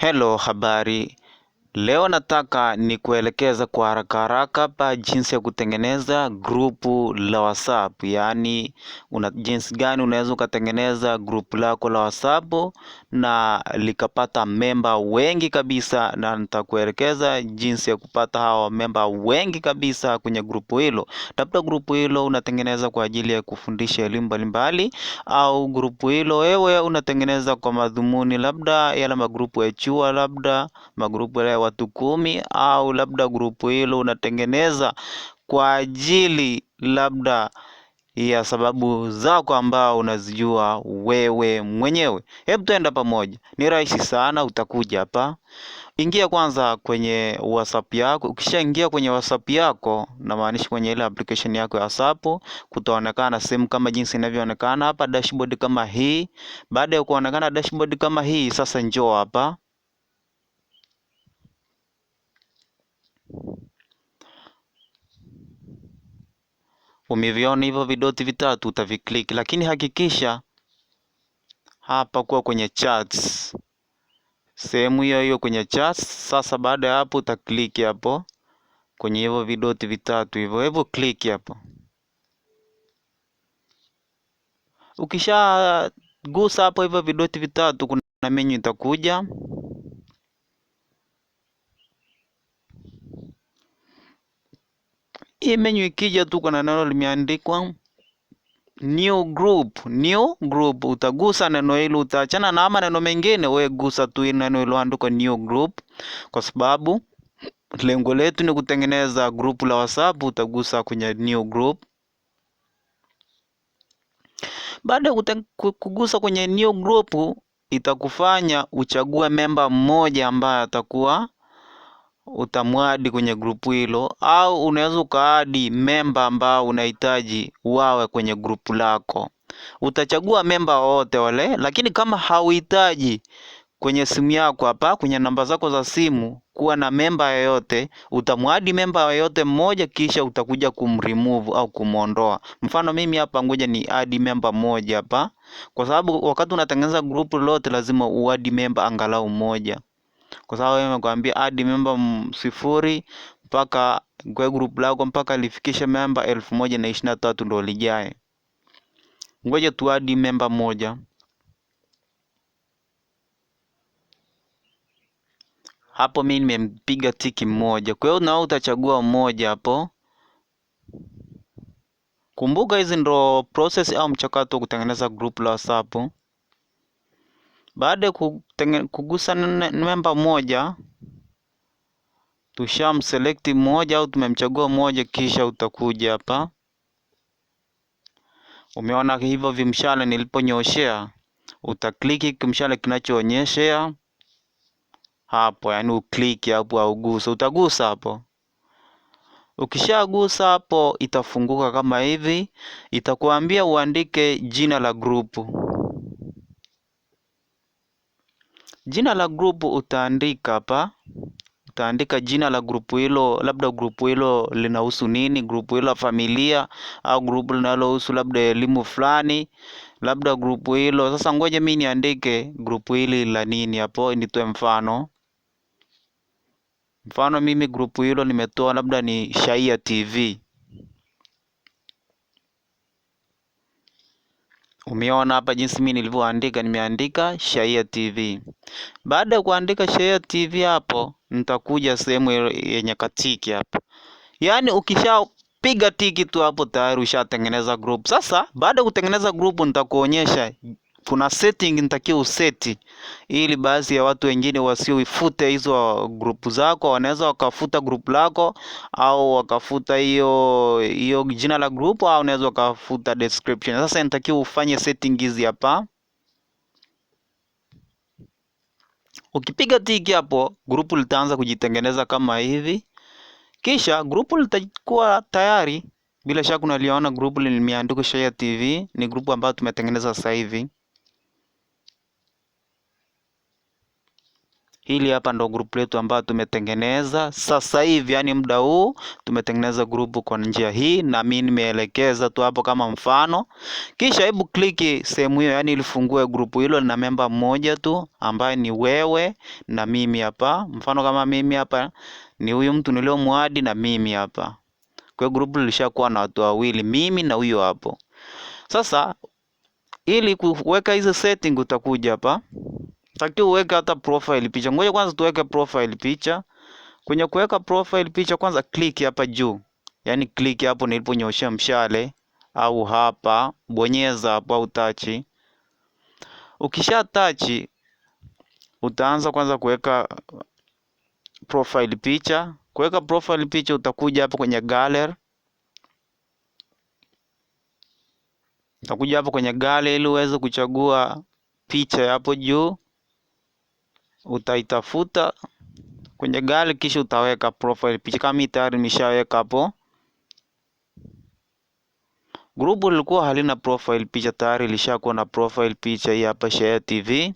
Hello, habari. Leo nataka ni kuelekeza kwa haraka haraka pa jinsi ya kutengeneza grupu la WhatsApp, yaani una jinsi gani unaweza ukatengeneza grupu lako la WhatsApp na likapata memba wengi kabisa, na nitakuelekeza jinsi ya kupata hawa memba wengi kabisa kwenye grupu hilo. Labda grupu hilo unatengeneza kwa ajili ya kufundisha elimu mbalimbali, au grupu hilo wewe unatengeneza kwa madhumuni labda yale magrupu ya chuo, labda magrupu ya watu kumi, au labda grupu hilo unatengeneza kwa ajili labda ya sababu zako ambao unazijua wewe mwenyewe. Hebu tuenda pamoja, ni rahisi sana. Utakuja hapa, ingia kwanza kwenye WhatsApp yako. Ukishaingia kwenye WhatsApp yako, namaanisha kwenye ile application yako ya WhatsApp, kutaonekana sehemu kama jinsi inavyoonekana hapa, dashboard kama hii. Baada ya kuonekana dashboard kama hii, sasa njoo hapa umeviona hivyo vidoti vitatu utaviklik, lakini hakikisha hapa kuwa kwenye charts, sehemu hiyo hiyo kwenye charts. Sasa baada ya hapo utaklik hapo kwenye hivyo vidoti vitatu hivyo hivyo, click hapo. Ukishagusa hapo hivyo vidoti vitatu, kuna menu itakuja. Hii menu ikija tu kuna neno limeandikwa new group, new group. Utagusa neno hilo, utaachana na ama neno mengine, wewe gusa tu neno liloandikwa new group, kwa sababu lengo letu ni kutengeneza group la WhatsApp. Utagusa kwenye new group. Baada ya kugusa kwenye new group, itakufanya uchague memba mmoja ambaye atakuwa utamwadi kwenye grupu hilo au unaweza ukaadi memba ambao unahitaji wawe kwenye grupu lako. Utachagua memba wote wale, lakini kama hauhitaji kwenye simu yako hapa, kwenye namba zako za simu kuwa na memba yoyote, utamwadi memba yoyote mmoja, kisha utakuja kumremove au kumwondoa. Mfano mimi hapa, ngoja ni adi memba mmoja hapa, kwa sababu wakati unatengeneza grupu lote lazima uadi memba angalau mmoja kwa sababu yeye amekwambia add member sifuri mpaka kwa group lako mpaka lifikishe member elfu moja na ishirini na tatu ndo lijae. Ngoja tu add member moja hapo, mi nimempiga tiki mmoja. Kwa hiyo nao utachagua mmoja hapo. Kumbuka hizi ndo process au mchakato wa kutengeneza group la WhatsApp. Baada ya kugusa memba moja, tushamselect mmoja au tumemchagua mmoja, kisha utakuja hapa. Umeona hivyo vimshale niliponyoshea, utakliki kimshale kinachoonyeshea hapo, yaani ukliki hapo au uguse, utagusa hapo. Ukishagusa hapo, itafunguka kama hivi, itakuambia uandike jina la grupu. Jina la grupu utaandika hapa, utaandika jina la grupu hilo, labda grupu hilo linahusu nini, grupu hilo familia au grupu linalohusu labda elimu fulani, labda grupu hilo. Sasa ngoja mimi niandike grupu hili la nini hapo, nitoe mfano. Mfano mimi grupu hilo nimetoa labda ni shaia TV. Umeona hapa jinsi mimi nilivyoandika, nimeandika Shayia TV. Baada ya kuandika Shayia TV hapo, nitakuja sehemu yenye katiki hapa, yaani ukisha piga tiki tu hapo tayari ushatengeneza group. Sasa baada ya kutengeneza group, nitakuonyesha kuna setting nitakiwa useti ili baadhi ya watu wengine wasioifute hizo grupu zako. Wanaweza wakafuta grupu lako au wakafuta hiyo hiyo jina la grupu, au unaweza wakafuta description. Sasa nitakiwa ufanye setting hizi hapa. Ukipiga tiki hapo, grupu litaanza kujitengeneza kama hivi, kisha grupu litakuwa tayari. Bila shaka unaliona grupu limeandikwa Shayia TV, ni grupu ambayo tumetengeneza sasa hivi. Hili hapa ndo group letu ambayo tumetengeneza sasa hivi, yani muda huu tumetengeneza group kwa njia hii, na mimi nimeelekeza tu hapo kama mfano. Kisha hebu click sehemu hiyo, yani ilifungue group hilo, na memba mmoja tu ambaye ni wewe na mimi hapa. Mfano kama mimi hapa ni huyu mtu nilio muadi na mimi hapa. Kwa hiyo group lilishakuwa na watu wawili, mimi na huyo hapo. Sasa ili kuweka hizo setting utakuja hapa takiwa uweke hata profile picha. Ngoja kwanza tuweke profile picha. Kwenye kuweka profile picha, kwanza click hapa juu, yaani click hapo niliponyoshea mshale, au hapa bonyeza hapo, au touch. Ukisha touch, utaanza kwanza kuweka profile picha. Kuweka profile picha, utakuja hapo kwenye gallery utakuja hapo kwenye gallery ili uweze kuchagua picha hapo juu utaitafuta kwenye gari kisha utaweka profile picha. Kama hii tayari nimeshaweka hapo. Grupu lilikuwa halina profile picha, tayari ilishakuwa na profile picha. Hii hapa Shayia TV.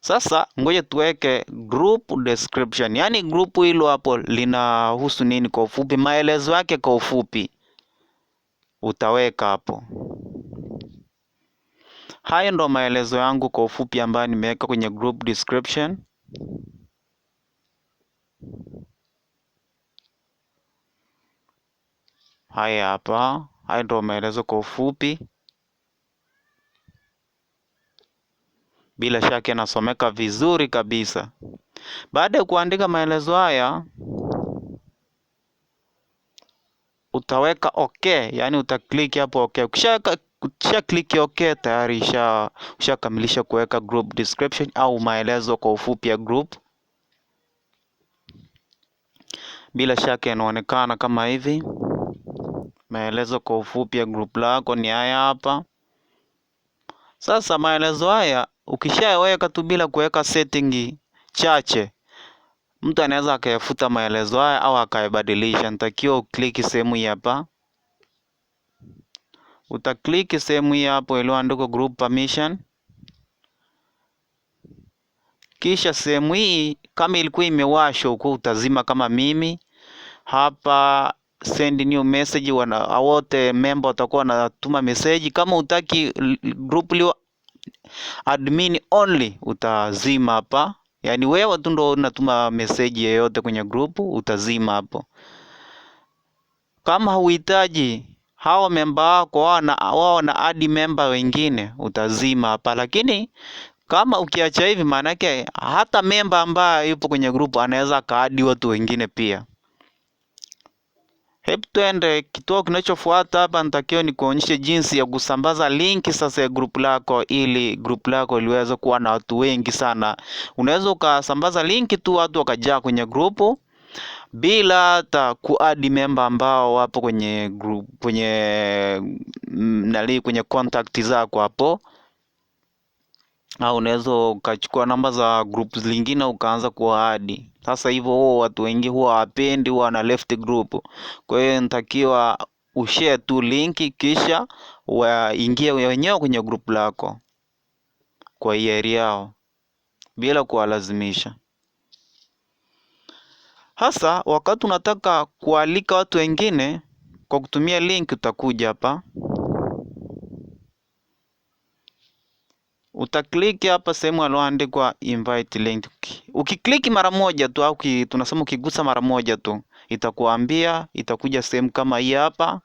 Sasa ngoja tuweke group description, yaani grupu hilo hapo linahusu nini kwa ufupi, maelezo yake kwa ufupi utaweka hapo. Hayo ndo maelezo yangu kwa ufupi ambayo nimeweka kwenye group description. Haya hapa, hayo ndo maelezo kwa ufupi. Bila shaka inasomeka vizuri kabisa. Baada ya kuandika maelezo haya, utaweka okay, yaani utaklik hapo okay. Ukisha ukisha click OK tayari ushakamilisha kuweka group description au maelezo kwa ufupi ya group. Bila shaka inaonekana kama hivi. Maelezo kwa ufupi ya group lako ni haya hapa. Sasa maelezo haya ukishaweka tu bila kuweka setting chache, mtu anaweza akayafuta maelezo haya au akayabadilisha. Nitakiwa ukliki sehemu hii hapa utakliki sehemu hii hapo iliyoandikwa group permission. Kisha sehemu hii kama ilikuwa imewashwa huko utazima, kama mimi hapa send new message, wana wote member watakuwa wanatuma message. Kama utaki group liwa admin only utazima hapa, yani wewe tu ndio unatuma message yeyote kwenye group utazima hapo. Kama huhitaji hao memba wako wao na adi memba wengine utazima hapa, lakini kama ukiacha hivi, maanake hata memba ambaye yupo kwenye grupu anaweza akaadi watu wengine pia. Hebu tuende kituo kinachofuata hapa. ni kuonyesha jinsi ya kusambaza linki sasa ya grupu lako, ili grupu lako liweze kuwa na watu wengi sana. Unaweza ukasambaza linki tu, watu wakajaa kwenye grupu bila hata kuadi memba ambao wapo kwenye group, kwenye mm, nali kwenye contact zako hapo, au unaweza ukachukua namba za group zingine ukaanza kuwaadi. Sasa hivyo huo watu wengi huwa wapendi, huwa na left group. Kwa hiyo nitakiwa ushare tu link kisha waingie wenyewe kwenye group lako kwa hiari yao bila kuwalazimisha. Hasa wakati unataka kualika watu wengine kwa kutumia link utakuja hapa. Utakliki hapa sehemu aliyoandikwa invite link. Ukikliki mara moja tu au tunasema ukigusa mara moja tu itakuambia, itakuja sehemu kama hii hapa.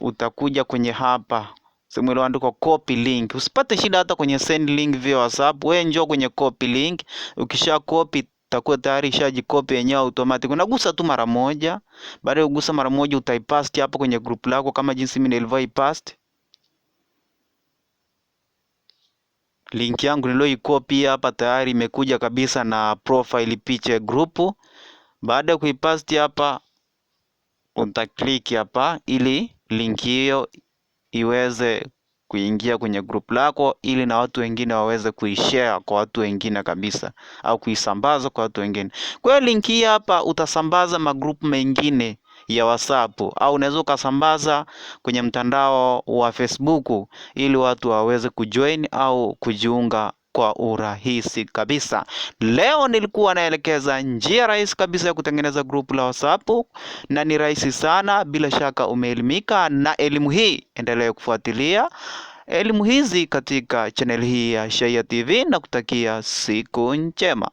Utakuja kwenye hapa sehemu iliyoandikwa copy link. Usipate shida hata kwenye send link via WhatsApp, wewe njoo kwenye copy link. Ukisha copy utakuwa tayari ishaji copy yenyewe automatic, unagusa tu mara moja. Baada ya kugusa mara moja, utaipaste hapo kwenye group lako kama jinsi mimi nilivyoipaste link yangu nilioikopi hapa. Tayari imekuja kabisa na profile picha ya group. Baada ya kuipaste hapa, utaklik hapa ili link hiyo iweze kuingia kwenye group lako ili na watu wengine waweze kuishare kwa watu wengine kabisa, au kuisambaza kwa watu wengine. Kwa hiyo link hii hapa utasambaza magrupu mengine ya WhatsApp au unaweza ukasambaza kwenye mtandao wa Facebook ili watu waweze kujoin au kujiunga kwa urahisi kabisa. Leo nilikuwa naelekeza njia rahisi kabisa ya kutengeneza grupu la WhatsApp na ni rahisi sana. Bila shaka umeelimika na elimu hii. Endelea kufuatilia elimu hizi katika chaneli hii ya Shayia TV na kutakia siku njema.